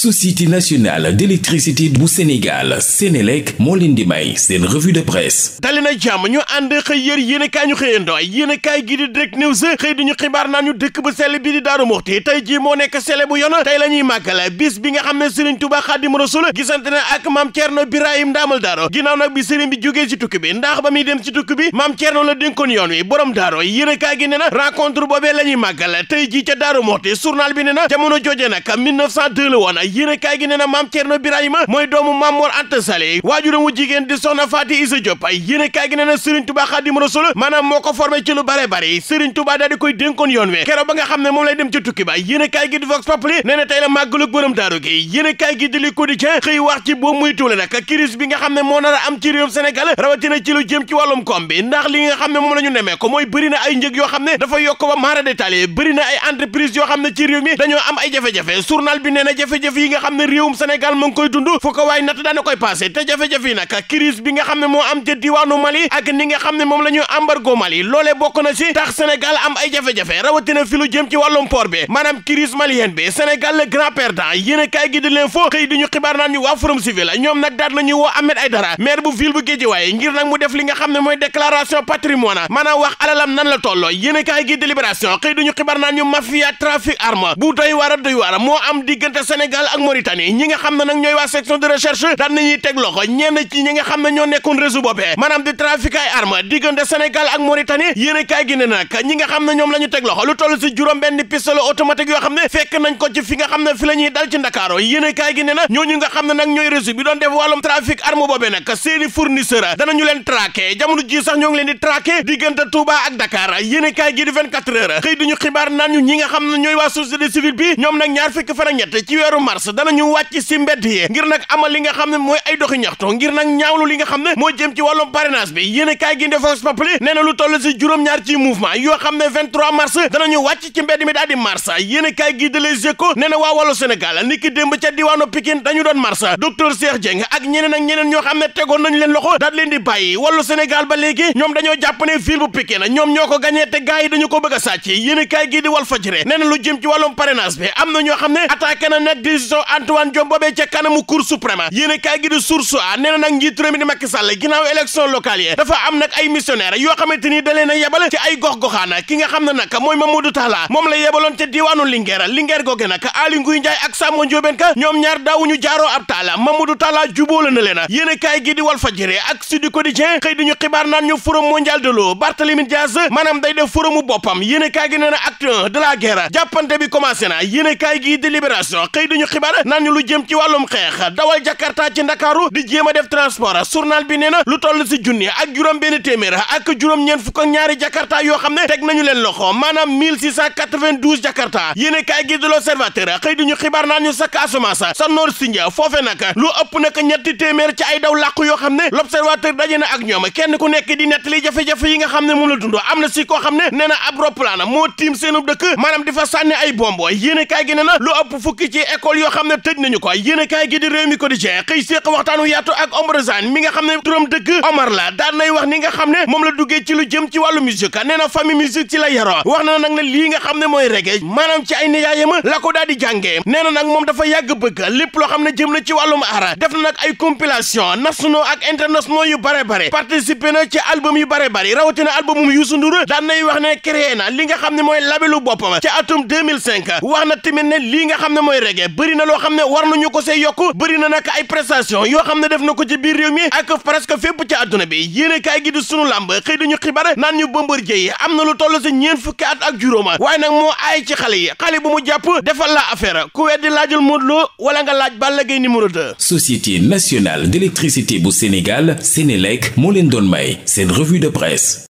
société nationale d'électricité bu Sénégal Sénélec moo leen di may seen revue de presse dali na jàmm ñu ànd xëy yër yéen kaay ñu xëyandoo yéen kaay gi di Direct News xëy di xibaar naan ñu dëkk bu sell bi di Daaru Muxti tey jii moo nekk sell bu yoon tey la ñuy màggale bis bi nga xam ne Serigne Touba Xaadimu Rasul gisante na ak maam Thierno Birahim Ndaamal Daaro ginnaaw nag bi Serigne bi jógee ci tukki bi ndax ba muy dem ci tukki bi maam Thierno la dénkoon yoon wi borom Daaro yéen kaay gi ne la ñuy yéen a kaay gi nee na maam Thierno Birahima mooy doomu maam Mor Anta Sali waajuram wu jigéen di soxna Faati Isa Diop yéen a kaay gi nee na Serigne Touba Khadim Rasoul maanaam moo ko formé ci lu bare bare Serigne Touba daal koy dénkoon yoon we keroog ba nga xam ne moom lay dem ci ba yéen a kaay gi di Vox Populi nee la màggalu borom daaru gi yéen a kaay gi di Le Quotidien xëy wax ci boo muy tuule nag kiris bi nga xam ne moo nar a am ci réewum Sénégal rawatina ci lu jëm ci wàllum koom bi ndax li ne moom la ñu nemee ko mooy bëri na ay njëg yoo xam ne dafa yokk ba maara détaillé bëri na ay yoo xam ne ci réew mi dañoo am ay jafe-jafe journal bi na jafe yi nga xam ne réewum Sénégal mu ngi koy dund fu ko waay natt daana koy passé te jafe-jafe yi nag crise bi nga xam ne moo am ca diwaanu Mali ak ni nga xam ne moom la ñuy embargo Mali loolee bokk na ci tax Sénégal am ay jafe-jafe rawatina fi jëm ci wàllum port bi maanaam crise malienne bi Sénégal le grand perdant yéen a kaay gi di leen foo xëy di ñu xibaar naan ñu waa Forum Civil ñoom nag daat nañuy woo Ahmed Aïdara maire bu ville bu Guédiawaye ngir nag mu def li nga xam ne mooy déclaration patrimoine maanaam wax alalam nan la tolloo yéen a kaay gi délibération xëy duñu xibaar naan ñu mafia trafic moo am diggante Sénégal ak Mauritanie ñi nga xam ne nag ñooy waa section de recherche daan nañuy teg loxo ñenn ci ñi nga ne ñoo nekkoon réseau boobee maanaam di trafic ay arme diggante Sénégal ak Mauritanie yéen a kaay gi ne xam ne ñoom la ñu teg loxo lu toll si juróom benn pistolet automatique yoo xam nga xam ne fi la ñuy dal ci Ndakaaru a kaay na ñooñu nga xam ne nag ñooy réseau bi doon def wàllum trafic arme boobee nag seeni fournisseur danañu leen traqué jamono ji sax ñoo ngi leen di traqué diggante Touba ak Dakar yéen a kaay gi di 24 heures xëy xibaar naan ñi nga xam ne ñooy waa société civile bi ñoom nag ñaar fekk fan ak dana ñu wàcc si mbedd yi ngir nag amal li nga xam ne mooy ay doxi ñaxto ngir nag ñaawlu li nga xam ne moo jëm ci wàllu parrainage bi yéen a kaay na lu toll si juróom-ñaar ci mouvement xam ne 23 mars danañu wàcc ci mbedd mi daal di mars yéen gi de Les Échos nee na waa wàllu Sénégal ni ki démb ca diwaanu Pikine dañu doon mars docteur Cheikh Dieng ak ñeneen ak ñeneen ñoo xam ne tegoon nañ leen loxo daal leen di bàyyi wàllu Sénégal ba léegi ñoom dañoo jàpp ne ville bu Pikine ñoom ñoo ko gañee te gars yi dañu ko bëgg a sàcc yéen a kaay gi di Walf Fadjri lu jëm ci wàllum parrainage bi am na ñoo xam ne attaqué na net décision Antoine Diome boobee ca kanamu Cour suprême yéen a kaay a nee na nag njiitu réew mi di Macky Sall ginnaaw dafa am nag ay missionnaire yoo xamante ni da leen a ci ay gox-goxaana ki nga xam ne nag mooy Mamadou Talla moom la yebaloon ca diiwaanu Linguère Linguère googe nag Aly Ngouille ak Samba Ka ñoom ñaar daawuñu jaaroo ab taala Mamadou Talla jubóole na leen a yéen a kaay gi di Walf ak Sud Quotidien xëy diñu xibaar naan ñu forum mondial a kaay gi nee na acte de la guerre jàppante bi commencé xibaar naan ñu lu jëm ci wàllum xeex dawal jakarta ci ndakaaru di jéem a def transport journal bi nee na lu toll si junni ak juróom benn téeméer ak juróom-ñeent fukk ñaari jakarta yoo xam ne teg nañu leen loxo maanaam 1692 jakarta yéene kaay gi de l'Observateur xëy di ñu xibaar naan ñu sakk Casamance sa noor Sindia foofe nag lu ëpp nag ñetti téeméer ci ay daw làqu yoo xam ne l'Observateur daje na ak ñoom kenn ku nekk di nettali jafe-jafe yi nga xam ne moom la dund am na si koo xam ne nee na ab roplaan moo tiim dëkk maanaam di fa sànni ay bombo yéene na lu ëpp fukki ci école xam ne tëj nañu ko yéen a kaay gi di réew mi ko di jeex xëy séq waxtaanu yaatu ak Omar Sane mi nga xam ne turam dëgg Omar la daan nay wax ni nga xam ne moom la duggee ci lu jëm ci wàllu musique nee na fami musique ci la yaroo wax na nag ne lii nga xam ne mooy reggae maanaam ci ay nijaayam la ko daal di jàngee nee na nag moom dafa yàgg bëgg lépp loo xam ne jëm na ci wàllum ara def na nag ay compilation nationaux ak internationaux yu bare bare participé na ci album yu bare bare rawatina album Youssou Ndour daan nay wax ne créé na li nga xam ne mooy labelu boppam ci atum 2005 wax na tamit ne lii nga xam ne mooy reggae bëri loo xam ne war nañu ko see yokk bëri na nag ay prestation yoo xam ne def na ko ci biir réew mi ak presque fépp ci àdduna bi yéene kaay gi di sunu làmb xëy dañu xibaar naan ñu Bombardier am na lu toll si ñeen fukki at ak juróoma waaye nag moo ay ci xale yi xale bu mu jàpp defal la affaire ku weddi laajul Modou Lo wala nga laaj Balla Gaye numéro 2. Société nationale d'électricité bu Sénégal Sénélec moo leen doon may seen revue de presse